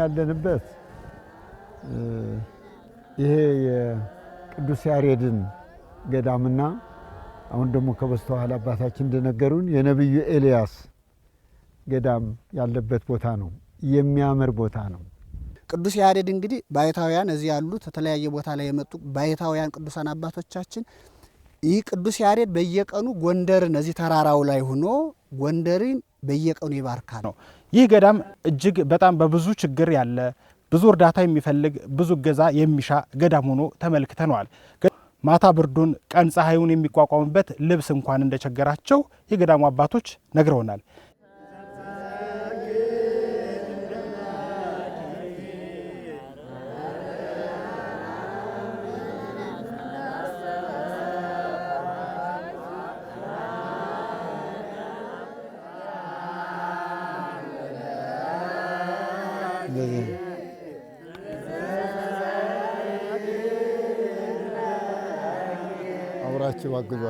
ያለንበት ይሄ የቅዱስ ያሬድን ገዳምና አሁን ደግሞ ከበስተኋላ አባታችን እንደነገሩን የነቢዩ ኤልያስ ገዳም ያለበት ቦታ ነው። የሚያምር ቦታ ነው። ቅዱስ ያሬድ እንግዲህ ባይታውያን እዚህ ያሉት ከተለያየ ቦታ ላይ የመጡ ባይታውያን ቅዱሳን አባቶቻችን ይህ ቅዱስ ያሬድ በየቀኑ ጎንደርን እዚህ ተራራው ላይ ሆኖ ጎንደርን በየቀኑ ይባርካል ነው። ይህ ገዳም እጅግ በጣም በብዙ ችግር ያለ ብዙ እርዳታ የሚፈልግ ብዙ እገዛ የሚሻ ገዳም ሆኖ ተመልክተነዋል። ማታ ብርዱን ቀን ፀሐዩን የሚቋቋምበት ልብስ እንኳን እንደቸገራቸው የገዳሙ አባቶች ነግረውናል። Hakkı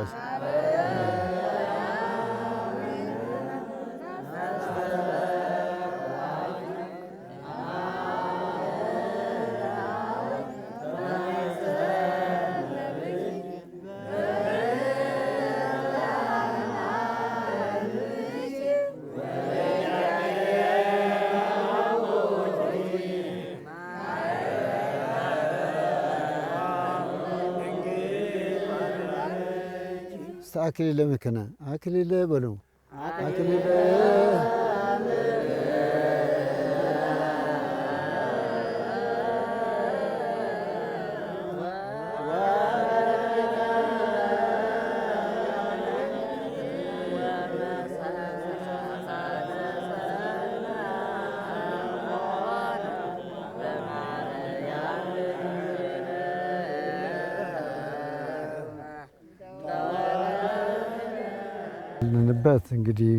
አክሊለ መከና አክሊለ በለው አክሊለ ያለንበት እንግዲህ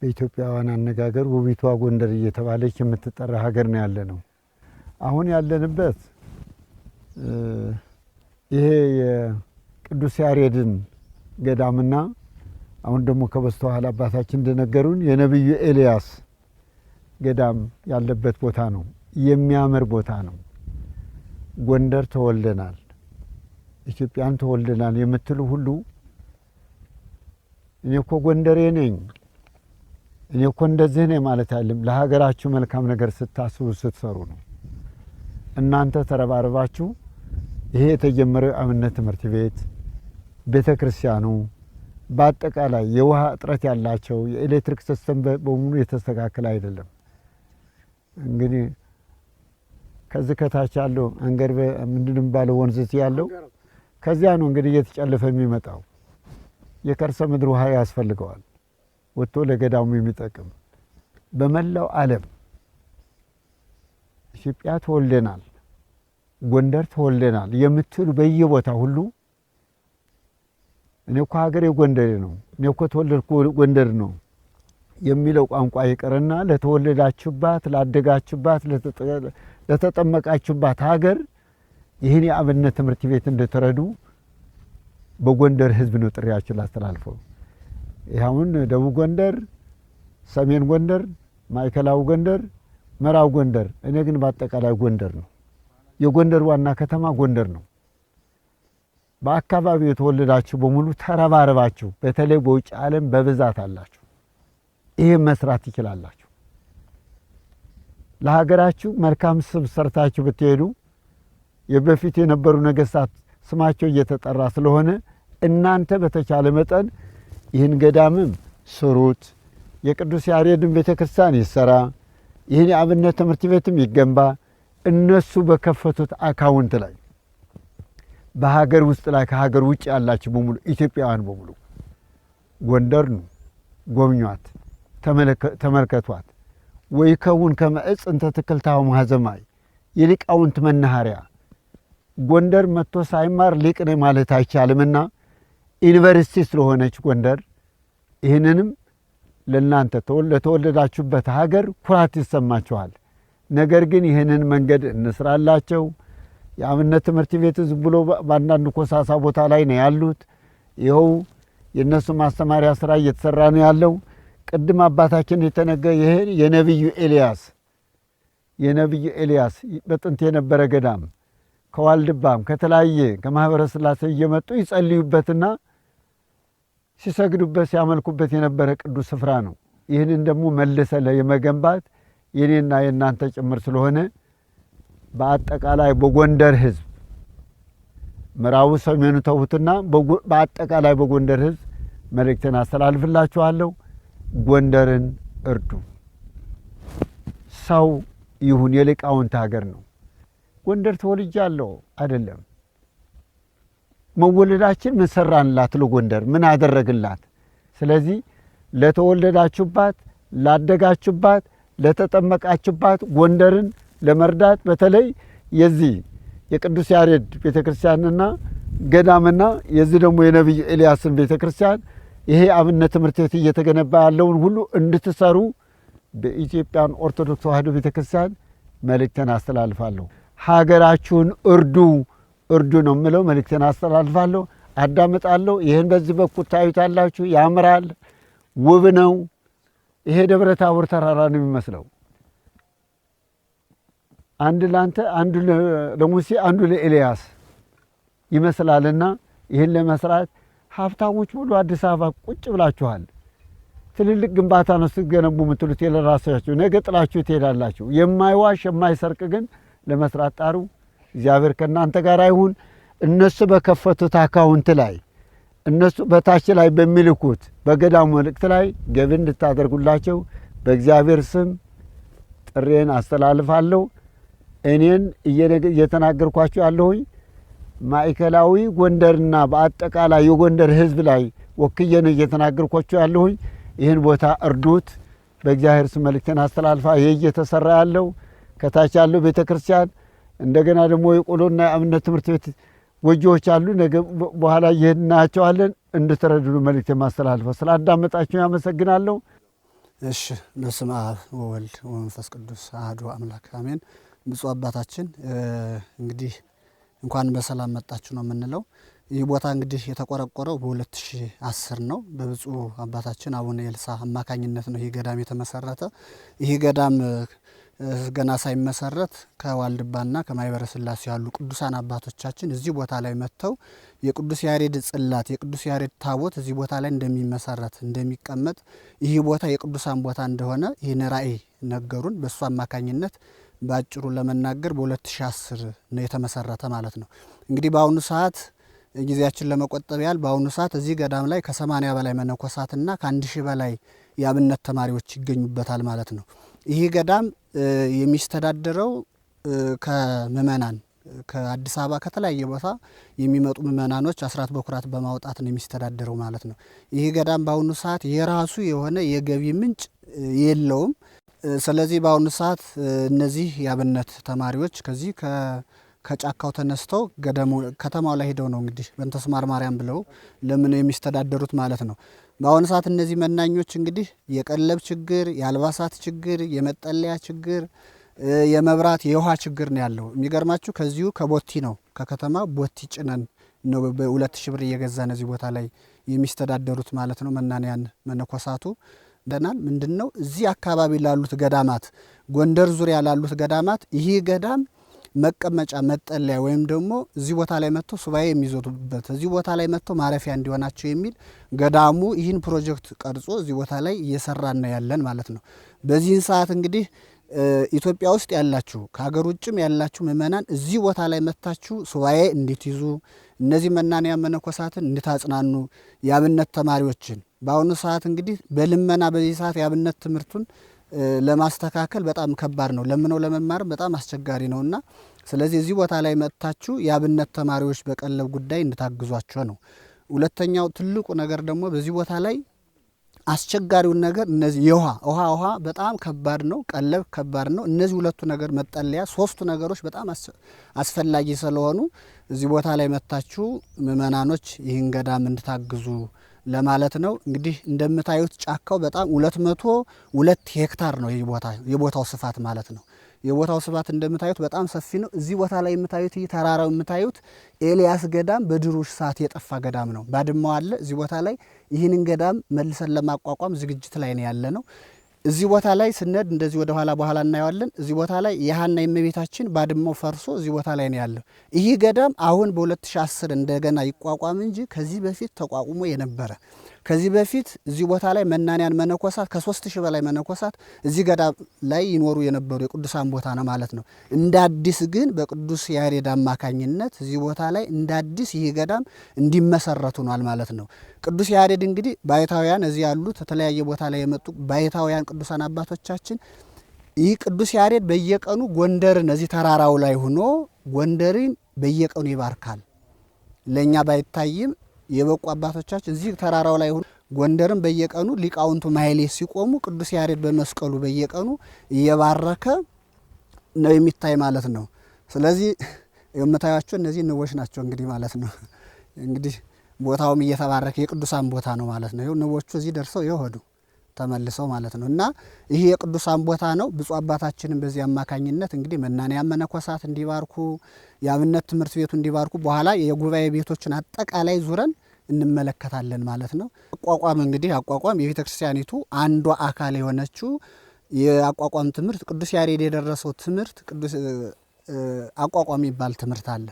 በኢትዮጵያውያን አነጋገር ውቢቷ ጎንደር እየተባለች የምትጠራ ሀገር ነው ያለ ነው። አሁን ያለንበት ይሄ የቅዱስ ያሬድን ገዳምና አሁን ደግሞ ከበስተኋላ አባታችን እንደነገሩን የነቢዩ ኤልያስ ገዳም ያለበት ቦታ ነው። የሚያምር ቦታ ነው። ጎንደር ተወልደናል፣ ኢትዮጵያን ተወልደናል የምትሉ ሁሉ እኔ እኮ ጎንደሬ ነኝ፣ እኔ እኮ እንደዚህ ነኝ ማለት አለም። ለሀገራችሁ መልካም ነገር ስታስቡ ስትሰሩ ነው። እናንተ ተረባርባችሁ ይሄ የተጀመረው የአብነት ትምህርት ቤት ቤተ ክርስቲያኑ በአጠቃላይ የውሃ እጥረት ያላቸው የኤሌክትሪክ ሲስተም በሙሉ የተስተካከለ አይደለም። እንግዲህ ከዚህ ከታች ያለው መንገድ ምንድን ባለው ወንዝ ያለው ከዚያ ነው እንግዲህ እየተጨለፈ የሚመጣው። የከርሰ ምድር ውሃ ያስፈልገዋል ወጥቶ ለገዳሙ የሚጠቅም በመላው ዓለም ኢትዮጵያ ተወልደናል፣ ጎንደር ተወልደናል የምትሉ በየቦታ ሁሉ እኔ እኮ ሀገሬ ጎንደሬ ነው፣ እኔ እኮ ተወለድኩ ጎንደር ነው የሚለው ቋንቋ ይቅርና ለተወለዳችሁባት፣ ላደጋችሁባት፣ ለተጠመቃችሁባት ሀገር ይህን የአብነት ትምህርት ቤት እንድትረዱ በጎንደር ህዝብ ነው ጥሪያችን ላስተላልፈው። ይኸውን ደቡብ ጎንደር፣ ሰሜን ጎንደር፣ ማዕከላዊ ጎንደር፣ ምዕራብ ጎንደር፣ እኔ ግን በአጠቃላይ ጎንደር ነው። የጎንደር ዋና ከተማ ጎንደር ነው። በአካባቢው የተወለዳችሁ በሙሉ ተረባረባችሁ፣ በተለይ በውጭ ዓለም በብዛት አላችሁ። ይህም መስራት ትችላላችሁ። ለሀገራችሁ መልካም ስም ሰርታችሁ ብትሄዱ የበፊት የነበሩ ነገስታት ስማቸው እየተጠራ ስለሆነ እናንተ በተቻለ መጠን ይህን ገዳምም ስሩት፣ የቅዱስ ያሬድን ቤተ ክርስቲያን ይሰራ፣ ይህን የአብነት ትምህርት ቤትም ይገንባ። እነሱ በከፈቱት አካውንት ላይ በሀገር ውስጥ ላይ ከሀገር ውጭ ያላችሁ በሙሉ ኢትዮጵያውያን በሙሉ ጎንደር ኑ፣ ጎብኟት፣ ተመልከቷት። ወይ ከውን ከመዕፅ እንተ ትክልታሁ ማዘማይ የሊቃውንት መናኸሪያ ጎንደር መጥቶ ሳይማር ሊቅ ነኝ ማለት አይቻልምና ዩኒቨርሲቲ ስለሆነች ጎንደር ይህንንም ለእናንተ ለተወለዳችሁበት ሀገር ኩራት ይሰማችኋል። ነገር ግን ይህንን መንገድ እንስራላቸው። የአብነት ትምህርት ቤት ዝም ብሎ በአንዳንድ ኮሳሳ ቦታ ላይ ነው ያሉት። ይኸው የእነሱ ማስተማሪያ ስራ እየተሰራ ነው ያለው። ቅድም አባታችን የተነገ ይህ የነቢዩ ኤልያስ የነቢዩ ኤልያስ በጥንት የነበረ ገዳም ከዋልድባም ከተለያየ ከማኅበረ ሥላሴ እየመጡ ይጸልዩበትና ሲሰግዱበት ሲያመልኩበት የነበረ ቅዱስ ስፍራ ነው። ይህንን ደግሞ መልሰ የመገንባት የኔና የእናንተ ጭምር ስለሆነ በአጠቃላይ በጎንደር ህዝብ ምዕራቡ፣ ሰሜኑ ተዉትና በአጠቃላይ በጎንደር ህዝብ መልእክትን አስተላልፍላችኋለሁ። ጎንደርን እርዱ። ሰው ይሁን የሊቃውንት ሀገር ነው። ጎንደር ተወልጃለሁ አይደለም መወለዳችን ምን ሰራንላት? ለጎንደር ምን አደረግላት? ስለዚህ ለተወለዳችሁባት፣ ላደጋችሁባት፣ ለተጠመቃችሁባት ጎንደርን ለመርዳት በተለይ የዚህ የቅዱስ ያሬድ ቤተ ክርስቲያንና ገዳምና የዚህ ደግሞ የነቢዩ ኤልያስን ቤተ ክርስቲያን ይሄ አብነት ትምህርት ቤት እየተገነባ ያለውን ሁሉ እንድትሰሩ በኢትዮጵያን ኦርቶዶክስ ተዋሕዶ ቤተ ክርስቲያን መልእክተን አስተላልፋለሁ። ሀገራችሁን እርዱ። እርዱ ነው የምለው። መልእክትን አስተላልፋለሁ። አዳምጣለሁ። ይህን በዚህ በኩል ታዩታላችሁ። ያምራል፣ ውብ ነው። ይሄ ደብረ ታቦር ተራራ ነው የሚመስለው። አንድ ለአንተ፣ አንዱ ለሙሴ፣ አንዱ ለኤልያስ ይመስላልና ይህን ለመስራት ሀብታሞች ሙሉ አዲስ አበባ ቁጭ ብላችኋል። ትልልቅ ግንባታ ነው ስትገነቡ የምትሉት የለራሳችሁ ነገ ጥላችሁ ትሄዳላችሁ። የማይዋሽ የማይሰርቅ ግን ለመስራት ጣሩ። እግዚአብሔር ከእናንተ ጋር ይሁን። እነሱ በከፈቱት አካውንት ላይ እነሱ በታች ላይ በሚልኩት በገዳሙ መልእክት ላይ ገቢ እንድታደርጉላቸው በእግዚአብሔር ስም ጥሬን አስተላልፋለሁ። እኔን እየተናገርኳቸው ያለሁኝ ማዕከላዊ ጎንደርና በአጠቃላይ የጎንደር ሕዝብ ላይ ወክየን እየተናገርኳቸው ያለሁኝ ይህን ቦታ እርዱት። በእግዚአብሔር ስም መልእክቴን አስተላልፋ ይህ እየተሰራ ያለው ከታች ያለው ቤተ ክርስቲያን እንደገና ደግሞ የቆሎና የአብነት ትምህርት ቤት ጎጆዎች አሉ። ነገ በኋላ ይህናቸዋለን እናያቸዋለን። እንድትረዱሉ መልእክት የማስተላልፈው ስለ ያመሰግናለሁ። እሺ በስመ አብ ወወልድ ወመንፈስ ቅዱስ አህዶ አምላክ አሜን። ብፁዕ አባታችን እንግዲህ እንኳን በሰላም መጣችሁ ነው የምንለው። ይህ ቦታ እንግዲህ የተቆረቆረው በ2010 ነው በብፁዕ አባታችን አቡነ ኤልሳ አማካኝነት ነው ይህ ገዳም የተመሰረተ ይህ ገዳም ገና ሳይመሰረት ከዋልድባና ከማይበረ ስላሴ ያሉ ቅዱሳን አባቶቻችን እዚህ ቦታ ላይ መጥተው የቅዱስ ያሬድ ጽላት የቅዱስ ያሬድ ታቦት እዚህ ቦታ ላይ እንደሚመሰረት እንደሚቀመጥ፣ ይህ ቦታ የቅዱሳን ቦታ እንደሆነ ይህን ራእይ ነገሩን። በእሱ አማካኝነት በአጭሩ ለመናገር በ2010 ነው የተመሰረተ ማለት ነው። እንግዲህ በአሁኑ ሰዓት ጊዜያችን ለመቆጠብ ያህል በአሁኑ ሰዓት እዚህ ገዳም ላይ ከ በላይ መነኮሳትና ከ1000 በላይ የአብነት ተማሪዎች ይገኙበታል ማለት ነው። ይህ ገዳም የሚስተዳደረው ከምእመናን ከአዲስ አበባ ከተለያየ ቦታ የሚመጡ ምእመናኖች አስራት በኩራት በማውጣት ነው የሚስተዳደረው ማለት ነው። ይህ ገዳም በአሁኑ ሰዓት የራሱ የሆነ የገቢ ምንጭ የለውም። ስለዚህ በአሁኑ ሰዓት እነዚህ የአብነት ተማሪዎች ከዚህ ከጫካው ተነስተው ገዳሙ ከተማው ላይ ሄደው ነው እንግዲህ በንተስማር ማርያም ብለው ለምን የሚስተዳደሩት ማለት ነው። በአሁኑ ሰዓት እነዚህ መናኞች እንግዲህ የቀለብ ችግር፣ የአልባሳት ችግር፣ የመጠለያ ችግር፣ የመብራት የውሃ ችግር ነው ያለው። የሚገርማችሁ ከዚሁ ከቦቲ ነው ከከተማ ቦቲ ጭነን ነው በሁለት ሺ ብር እየገዛ እዚህ ቦታ ላይ የሚስተዳደሩት ማለት ነው መናንያን መነኮሳቱ ደናል ምንድን ነው እዚህ አካባቢ ላሉት ገዳማት ጎንደር ዙሪያ ላሉት ገዳማት ይህ ገዳም መቀመጫ መጠለያ ወይም ደግሞ እዚህ ቦታ ላይ መጥተው ሱባኤ የሚዞቱበት እዚህ ቦታ ላይ መጥተው ማረፊያ እንዲሆናቸው የሚል ገዳሙ ይህን ፕሮጀክት ቀርጾ እዚህ ቦታ ላይ ነው ያለን ማለት ነው። በዚህን ሰዓት እንግዲህ ኢትዮጵያ ውስጥ ያላችሁ ከሀገር ውጭም ያላችሁ ምእመናን እዚህ ቦታ ላይ መጥታችሁ ሱባኤ እንድትይዙ እነዚህ መናንያ መነኮሳትን እንድታጽናኑ የአብነት ተማሪዎችን በአሁኑ ሰዓት እንግዲህ በልመና በዚህ ሰዓት የአብነት ትምህርቱን ለማስተካከል በጣም ከባድ ነው። ለምነው ለመማርም በጣም አስቸጋሪ ነውና ስለዚህ እዚህ ቦታ ላይ መጥታችሁ የአብነት ተማሪዎች በቀለብ ጉዳይ እንድታግዟቸው ነው። ሁለተኛው ትልቁ ነገር ደግሞ በዚህ ቦታ ላይ አስቸጋሪውን ነገር እነዚህ የውሃ ውሃ ውሃ በጣም ከባድ ነው። ቀለብ ከባድ ነው። እነዚህ ሁለቱ ነገር መጠለያ፣ ሶስቱ ነገሮች በጣም አስፈላጊ ስለሆኑ እዚህ ቦታ ላይ መጥታችሁ ምእመናኖች ይህን ገዳም እንድታግዙ ለማለት ነው። እንግዲህ እንደምታዩት ጫካው በጣም ሁለት ሄክታር ነው የቦታው ስፋት ማለት ነው። የቦታው ስፋት እንደምታዩት በጣም ሰፊ ነው። እዚህ ቦታ ላይ የምታዩት ይህ ተራራው የምታዩት ኤልያስ ገዳም በድሩሽ ሰዓት የጠፋ ገዳም ነው። ባድመው አለ እዚህ ቦታ ላይ። ይህንን ገዳም መልሰን ለማቋቋም ዝግጅት ላይ ነው ያለ ነው። እዚህ ቦታ ላይ ስነድ እንደዚህ ወደ ኋላ በኋላ እናየዋለን። እዚህ ቦታ ላይ የሀና የእመቤታችን ባድሞ ፈርሶ እዚህ ቦታ ላይ ነው ያለው። ይህ ገዳም አሁን በ2010 እንደገና ይቋቋም እንጂ ከዚህ በፊት ተቋቁሞ የነበረ ከዚህ በፊት እዚህ ቦታ ላይ መናንያን መነኮሳት ከሶስት ሺህ በላይ መነኮሳት እዚህ ገዳም ላይ ይኖሩ የነበሩ የቅዱሳን ቦታ ነው ማለት ነው። እንደ አዲስ ግን በቅዱስ ያሬድ አማካኝነት እዚህ ቦታ ላይ እንደ አዲስ ይህ ገዳም እንዲመሰረት ሆኗል ማለት ነው። ቅዱስ ያሬድ እንግዲህ ባይታውያን እዚህ ያሉት ከተለያየ ቦታ ላይ የመጡ ባይታውያን ቅዱሳን አባቶቻችን ይህ ቅዱስ ያሬድ በየቀኑ ጎንደርን እዚህ ተራራው ላይ ሆኖ ጎንደርን በየቀኑ ይባርካል። ለእኛ ባይታይም የበቁ አባቶቻችን እዚህ ተራራው ላይ ሆኑ ጎንደርም በየቀኑ ሊቃውንቱ ማይሌ ሲቆሙ ቅዱስ ያሬድ በመስቀሉ በየቀኑ እየባረከ ነው የሚታይ ማለት ነው። ስለዚህ የምታያቸው እነዚህ ንቦች ናቸው እንግዲህ ማለት ነው። እንግዲህ ቦታውም እየተባረከ የቅዱሳን ቦታ ነው ማለት ነው። ንቦቹ እዚህ ደርሰው ይሄዱ ተመልሰው ማለት ነው እና ይህ የቅዱሳን ቦታ ነው። ብፁዕ አባታችንም በዚህ አማካኝነት እንግዲህ መናንያን መነኮሳት እንዲባርኩ የአብነት ትምህርት ቤቱ እንዲባርኩ በኋላ የጉባኤ ቤቶችን አጠቃላይ ዙረን እንመለከታለን ማለት ነው። አቋቋም እንግዲህ አቋቋም የቤተ ክርስቲያኒቱ አንዷ አካል የሆነችው የአቋቋም ትምህርት ቅዱስ ያሬድ የደረሰው ትምህርት ቅዱስ አቋቋም የሚባል ትምህርት አለ።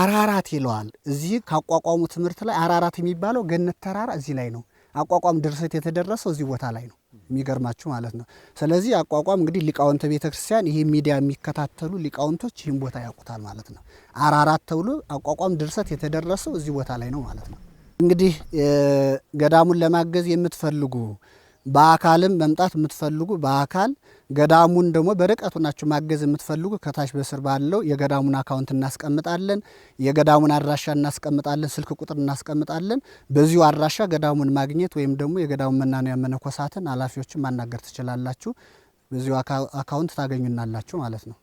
አራራት ይለዋል። እዚህ ካቋቋሙ ትምህርት ላይ አራራት የሚባለው ገነት ተራራ እዚህ ላይ ነው። አቋቋም ድርሰት የተደረሰው እዚህ ቦታ ላይ ነው። የሚገርማችሁ ማለት ነው። ስለዚህ አቋቋም እንግዲህ ሊቃውንተ ቤተ ክርስቲያን ይህ ሚዲያ የሚከታተሉ ሊቃውንቶች ይህን ቦታ ያውቁታል ማለት ነው። አራራት ተብሎ አቋቋም ድርሰት የተደረሰው እዚህ ቦታ ላይ ነው ማለት ነው። እንግዲህ ገዳሙን ለማገዝ የምትፈልጉ በአካልም መምጣት የምትፈልጉ በአካል ገዳሙን ደግሞ በርቀቱ ሆናችሁ ማገዝ የምትፈልጉ ከታች በስር ባለው የገዳሙን አካውንት እናስቀምጣለን። የገዳሙን አድራሻ እናስቀምጣለን። ስልክ ቁጥር እናስቀምጣለን። በዚሁ አድራሻ ገዳሙን ማግኘት ወይም ደግሞ የገዳሙን መናንያ መነኮሳትን ኃላፊዎችን ማናገር ትችላላችሁ። በዚሁ አካውንት ታገኙናላችሁ ማለት ነው።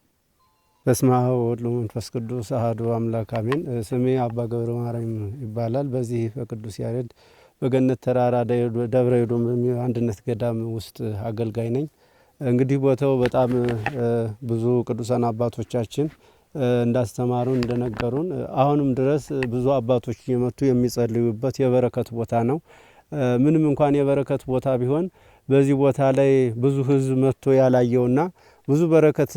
በስመ አብ ወወልድ ወመንፈስ ቅዱስ አሐዱ አምላክ አሜን። ስሜ አባ ገብረ ማርያም ይባላል። በዚህ በቅዱስ ያሬድ በገነት ተራራ ደብረ ዶም አንድነት ገዳም ውስጥ አገልጋይ ነኝ። እንግዲህ ቦታው በጣም ብዙ ቅዱሳን አባቶቻችን እንዳስተማሩን እንደነገሩን አሁንም ድረስ ብዙ አባቶች እየመጡ የሚጸልዩበት የበረከት ቦታ ነው። ምንም እንኳን የበረከት ቦታ ቢሆን በዚህ ቦታ ላይ ብዙ ሕዝብ መጥቶ ያላየውና ብዙ በረከት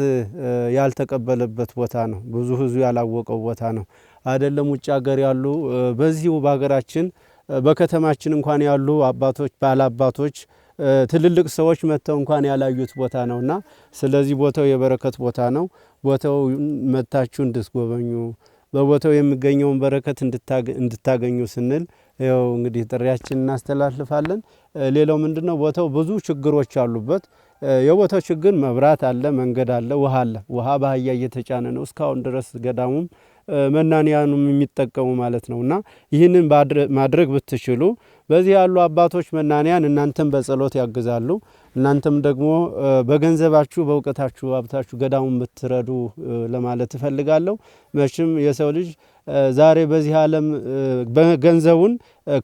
ያልተቀበለበት ቦታ ነው። ብዙ ሕዝብ ያላወቀው ቦታ ነው። አይደለም ውጭ ሀገር ያሉ በዚሁ በሀገራችን በከተማችን እንኳን ያሉ አባቶች፣ ባላባቶች፣ ትልልቅ ሰዎች መጥተው እንኳን ያላዩት ቦታ ነውና ስለዚህ ቦታው የበረከት ቦታ ነው። ቦታው መታችሁ እንድትጎበኙ በቦታው የሚገኘውን በረከት እንድታገኙ ስንል ያው እንግዲህ ጥሪያችን እናስተላልፋለን። ሌላው ምንድን ነው ቦታው ብዙ ችግሮች አሉበት። የቦታው ችግር መብራት አለ፣ መንገድ አለ፣ ውሃ አለ። ውሃ ባህያ እየተጫነ ነው እስካሁን ድረስ ገዳሙም መናንያኑ የሚጠቀሙ ማለት ነው። እና ይህንን ማድረግ ብትችሉ በዚህ ያሉ አባቶች መናንያን እናንተም በጸሎት ያግዛሉ። እናንተም ደግሞ በገንዘባችሁ፣ በእውቀታችሁ፣ ሀብታችሁ ገዳሙን ብትረዱ ለማለት እፈልጋለሁ። መቼም የሰው ልጅ ዛሬ በዚህ ዓለም ገንዘቡን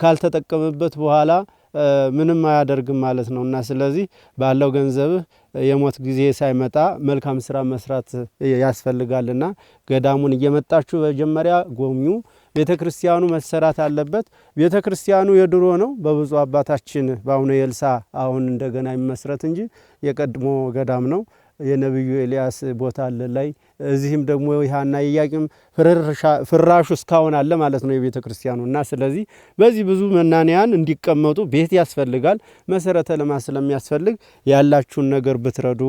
ካልተጠቀመበት በኋላ ምንም አያደርግም ማለት ነው እና ስለዚህ ባለው ገንዘብህ የሞት ጊዜ ሳይመጣ መልካም ስራ መስራት ያስፈልጋልና ገዳሙን እየመጣችሁ መጀመሪያ ጎብኙ። ቤተ ክርስቲያኑ መሰራት አለበት። ቤተ ክርስቲያኑ የድሮ ነው፣ በብፁዕ አባታችን በአቡነ የልሳ አሁን እንደገና የመስረት እንጂ የቀድሞ ገዳም ነው። የነቢዩ ኤልያስ ቦታ አለ ላይ እዚህም ደግሞ ይሃና ኢያቄም ፍራሹ እስካሁን አለ ማለት ነው የቤተ ክርስቲያኑ እና ስለዚህ በዚህ ብዙ መናንያን እንዲቀመጡ ቤት ያስፈልጋል። መሰረተ ልማት ስለሚያስፈልግ ያላችሁን ነገር ብትረዱ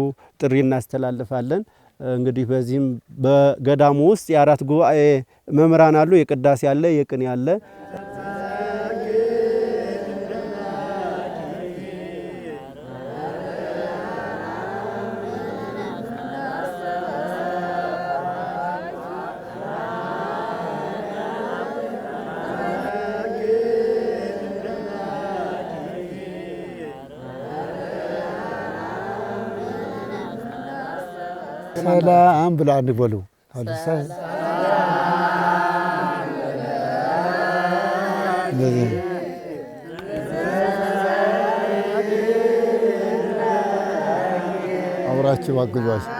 ጥሪ እናስተላልፋለን። እንግዲህ በዚህም በገዳሙ ውስጥ የአራት ጉባኤ መምህራን አሉ። የቅዳሴ አለ፣ የቅኔ አለ። ሰላም ብላ እንበሉ አብራችሁ አግዟቸው።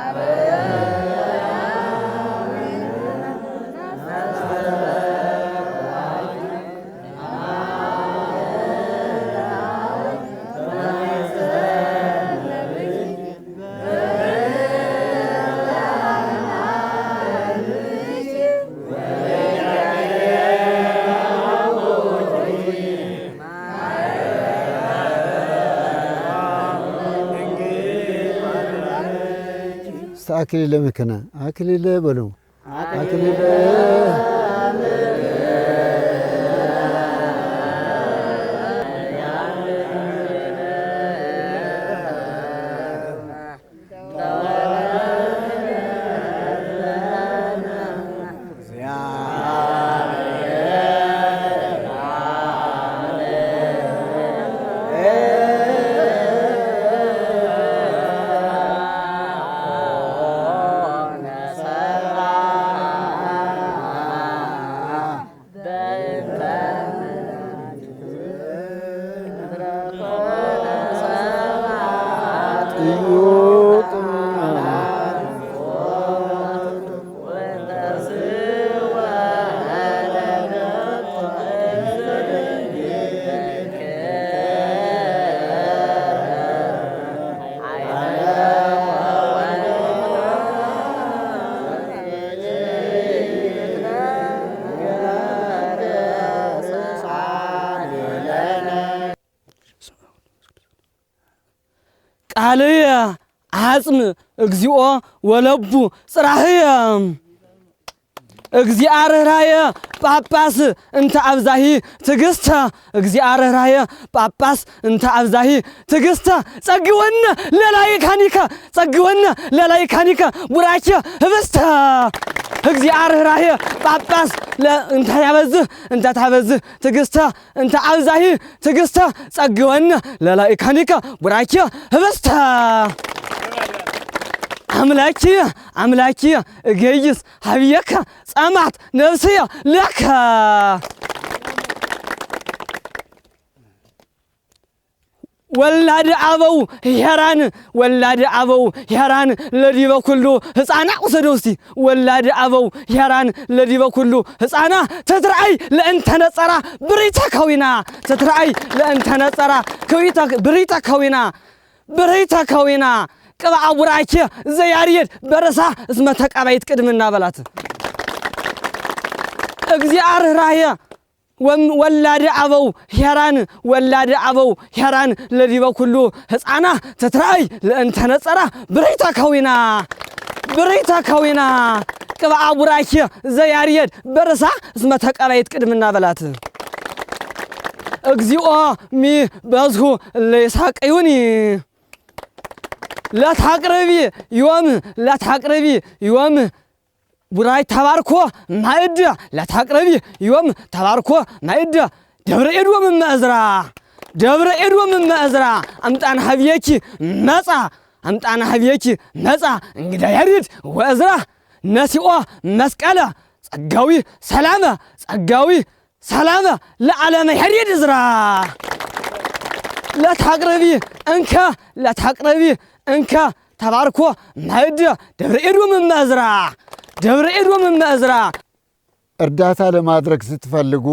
አክሊለ መከና አክሊለ በሉ አክሊለ you. አጽም እግዚኦ ወለቡ ጽራህየ እግዚአርህራየ ጳጳስ እንተ አብዛሂ ትዕግስተ እግዚአርህራየ ጳጳስ እንተ አብዛሂ ትዕግስተ ጸጊወነ ለላይካኒከ ጸጊወነ ለላይካኒከ ቡራኬ ህብስተ እግዚአርህራየ ጳጳስ እንተ ታበዝህ እንተ ታበዝህ ትዕግስተ እንተ አብዛሂ ትዕግስተ ጸጊወነ ለላይካኒከ ቡራኬ ህብስተ አምላኪ አምላኪ እገይስ ሀብየከ ጸማት ነፍስየ ለከ። ወላድ አበው ሄራን ወላድ አበው ሄራን ለዲበ ኩሉ ህፃና ውሰደው እስቲ ወላድ አበው ሄራን ለዲበ ኩሉ ህፃና ተትርአይ ለእንተ ነጸራ ብሪተ ከዊና ተትርአይ ለእንተ ነጸራ ብሪተ ከዊና ብሪተ ከዊና ቅብአ ቡራኬ ዘያርየድ በረሳ እስመ ተቃባይት ቅድምና በላት እግዚአር ራህየ ወላደ አበው ሄራን ወላድ አበው ሄራን ለዲበ ኩሉ ህፃና ተትራይ ለእንተ ነጸራ ብሬታ ካዊና ብሬታ ካዊና ቅብአ ቡራኬ ዘያርየድ በረሳ እስመ ተቃባይት ቅድምና በላት እግዚኦ ሚ በዝሁ ለይሳቀዩኒ ለታቅረቢ ዮም ለታቅረቢ ዮም ቡራይ ተባርኮ ማይድ ለታቅረቢ ዮም ተባርኮ ማይድ ደብረ ኤዶም መእዝራ ደብረ ኤዶም መእዝራ አምጣን ሀብየኪ መጻ አምጣን ሀብየኪ መጻ እንግዳ ያሪድ ወእዝራ ነሲኦ መስቀለ ጸጋዊ ሰላመ ጸጋዊ ሰላመ ለዓለመ ያሪድ እዝራ ለታቅረቢ እንከ ለታቅረቢ እንካ ተባርኮ ማዕድ ደብረ ኤዶም መዝራ ደብረ ኤዶም መዝራ። እርዳታ ለማድረግ ስትፈልጉ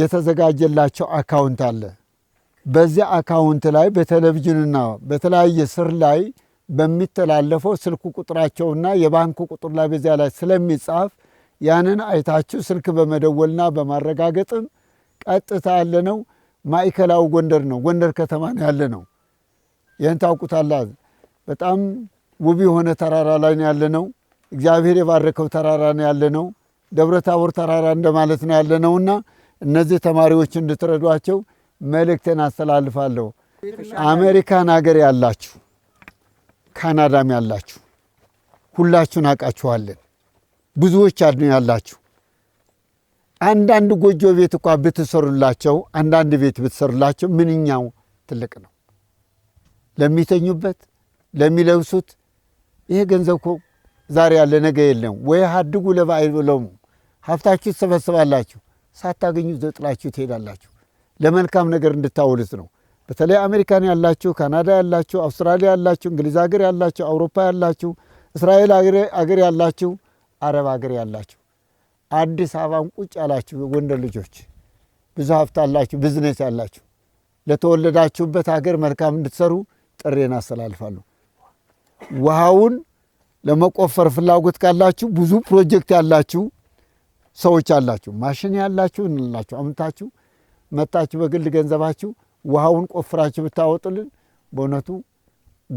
የተዘጋጀላቸው አካውንት አለ። በዚያ አካውንት ላይ በቴሌቪዥንና በተለያየ ስር ላይ በሚተላለፈው ስልክ ቁጥራቸውና የባንክ ቁጥር ላይ በዚያ ላይ ስለሚጻፍ ያንን አይታችሁ ስልክ በመደወልና በማረጋገጥም ቀጥታ ያለነው ማዕከላዊ ጎንደር ነው፣ ጎንደር ከተማ ያለ ነው። ይህን ታውቁታላ። በጣም ውብ የሆነ ተራራ ላይ ነው ያለነው። እግዚአብሔር የባረከው ተራራ ነው ያለነው። ደብረ ታቦር ተራራ እንደማለት ነው ያለነውና እነዚህ ተማሪዎች እንድትረዷቸው መልእክትን አስተላልፋለሁ። አሜሪካን ሀገር ያላችሁ፣ ካናዳም ያላችሁ ሁላችሁን አውቃችኋለን። ብዙዎች አድኑ ያላችሁ አንዳንድ ጎጆ ቤት እንኳ ብትሰሩላቸው፣ አንዳንድ ቤት ብትሰሩላቸው ምንኛው ትልቅ ነው። ለሚተኙበት ለሚለብሱት ይሄ ገንዘብ እኮ ዛሬ ያለ ነገ የለም ወይ ሀድጉ ለባዕሎሙ ሀብታችሁ ትሰበስባላችሁ፣ ሳታገኙ ዘጥላችሁ ትሄዳላችሁ። ለመልካም ነገር እንድታውሉት ነው። በተለይ አሜሪካን ያላችሁ፣ ካናዳ ያላችሁ፣ አውስትራሊያ ያላችሁ፣ እንግሊዝ ሀገር ያላችሁ፣ አውሮፓ ያላችሁ፣ እስራኤል አገር ያላችሁ፣ አረብ ሀገር ያላችሁ፣ አዲስ አበባን ቁጭ ያላችሁ ጎንደር ልጆች ብዙ ሀብት አላችሁ፣ ብዝነስ ያላችሁ ለተወለዳችሁበት ሀገር መልካም እንድትሰሩ ጥሬን አስተላልፋለሁ። ውሃውን ለመቆፈር ፍላጎት ካላችሁ ብዙ ፕሮጀክት ያላችሁ ሰዎች አላችሁ፣ ማሽን ያላችሁ እንላችሁ አምታችሁ መጣችሁ በግል ገንዘባችሁ ውሃውን ቆፍራችሁ ብታወጡልን በእውነቱ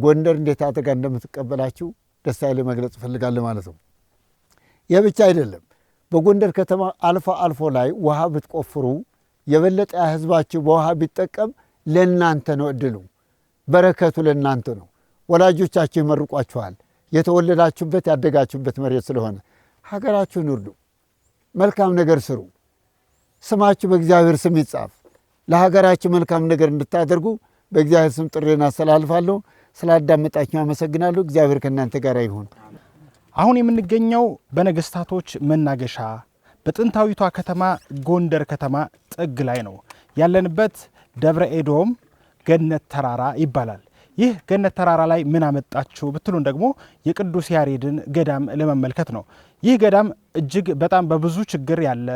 ጎንደር እንዴት አድርጋ እንደምትቀበላችሁ ደስታ ላይ መግለጽ እፈልጋለሁ ማለት ነው። ይህ ብቻ አይደለም። በጎንደር ከተማ አልፎ አልፎ ላይ ውሃ ብትቆፍሩ የበለጠ ህዝባችሁ በውሃ ቢጠቀም ለእናንተ ነው እድሉ። በረከቱ ለእናንተ ነው። ወላጆቻችሁ ይመርቋችኋል። የተወለዳችሁበት ያደጋችሁበት መሬት ስለሆነ ሀገራችሁን እርዱ፣ መልካም ነገር ስሩ። ስማችሁ በእግዚአብሔር ስም ይጻፍ። ለሀገራችሁ መልካም ነገር እንድታደርጉ በእግዚአብሔር ስም ጥሬን አስተላልፋለሁ። ስላዳመጣችሁ አመሰግናለሁ። እግዚአብሔር ከእናንተ ጋር ይሁን። አሁን የምንገኘው በነገስታቶች መናገሻ በጥንታዊቷ ከተማ ጎንደር ከተማ ጥግ ላይ ነው ያለንበት ደብረ ኤዶም ገነት ተራራ ይባላል። ይህ ገነት ተራራ ላይ ምን አመጣችሁ ብትሉን ደግሞ የቅዱስ ያሬድን ገዳም ለመመልከት ነው። ይህ ገዳም እጅግ በጣም በብዙ ችግር ያለ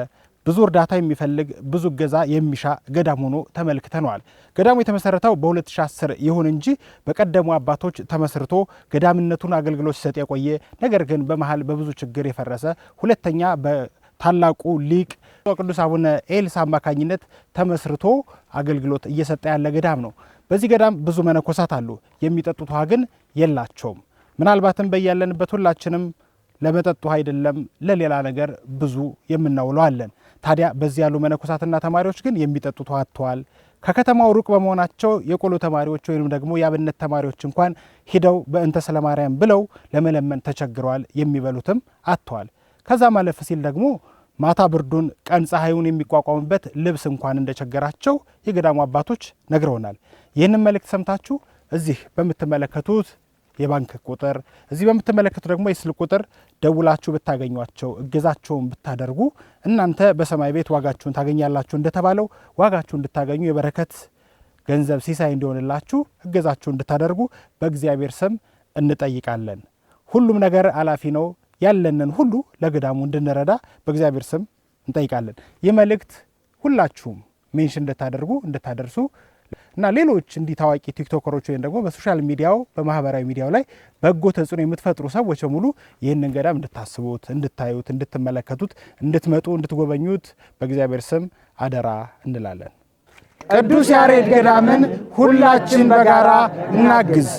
ብዙ እርዳታ የሚፈልግ ብዙ እገዛ የሚሻ ገዳም ሆኖ ተመልክተነዋል። ገዳሙ የተመሰረተው በ2010 ይሁን እንጂ በቀደሙ አባቶች ተመስርቶ ገዳምነቱን አገልግሎት ሲሰጥ የቆየ ነገር ግን በመሀል በብዙ ችግር የፈረሰ ሁለተኛ በታላቁ ሊቅ ቅዱስ አቡነ ኤልስ አማካኝነት ተመስርቶ አገልግሎት እየሰጠ ያለ ገዳም ነው። በዚህ ገዳም ብዙ መነኮሳት አሉ። የሚጠጡት ውሃ ግን የላቸውም። ምናልባትም በያለንበት ሁላችንም ለመጠጥ ውሃ አይደለም ለሌላ ነገር ብዙ የምናውለው አለን። ታዲያ በዚህ ያሉ መነኮሳትና ተማሪዎች ግን የሚጠጡት ውሃ አጥተዋል። ከከተማው ሩቅ በመሆናቸው የቆሎ ተማሪዎች ወይም ደግሞ የአብነት ተማሪዎች እንኳን ሂደው በእንተ ስለማርያም ብለው ለመለመን ተቸግረዋል። የሚበሉትም አጥተዋል። ከዛ ማለፍ ሲል ደግሞ ማታ ብርዱን ቀን ፀሐዩን የሚቋቋሙበት ልብስ እንኳን እንደቸገራቸው የገዳሙ አባቶች ነግረውናል። ይህንን መልእክት ሰምታችሁ እዚህ በምትመለከቱት የባንክ ቁጥር እዚህ በምትመለከቱት ደግሞ የስልክ ቁጥር ደውላችሁ ብታገኟቸው እገዛቸውን ብታደርጉ እናንተ በሰማይ ቤት ዋጋችሁን ታገኛላችሁ እንደተባለው ዋጋችሁ እንድታገኙ የበረከት ገንዘብ ሲሳይ እንዲሆንላችሁ እገዛችሁ እንድታደርጉ በእግዚአብሔር ስም እንጠይቃለን። ሁሉም ነገር አላፊ ነው። ያለንን ሁሉ ለገዳሙ እንድንረዳ በእግዚአብሔር ስም እንጠይቃለን። ይህ መልእክት ሁላችሁም ሜንሽን እንድታደርጉ እንድታደርሱ እና ሌሎች እንዲህ ታዋቂ ቲክቶከሮች ወይም ደግሞ በሶሻል ሚዲያው በማህበራዊ ሚዲያው ላይ በጎ ተጽዕኖ የምትፈጥሩ ሰዎች በሙሉ ይህንን ገዳም እንድታስቡት፣ እንድታዩት፣ እንድትመለከቱት፣ እንድትመጡ፣ እንድትጎበኙት በእግዚአብሔር ስም አደራ እንላለን። ቅዱስ ያሬድ ገዳምን ሁላችን በጋራ እናግዝ።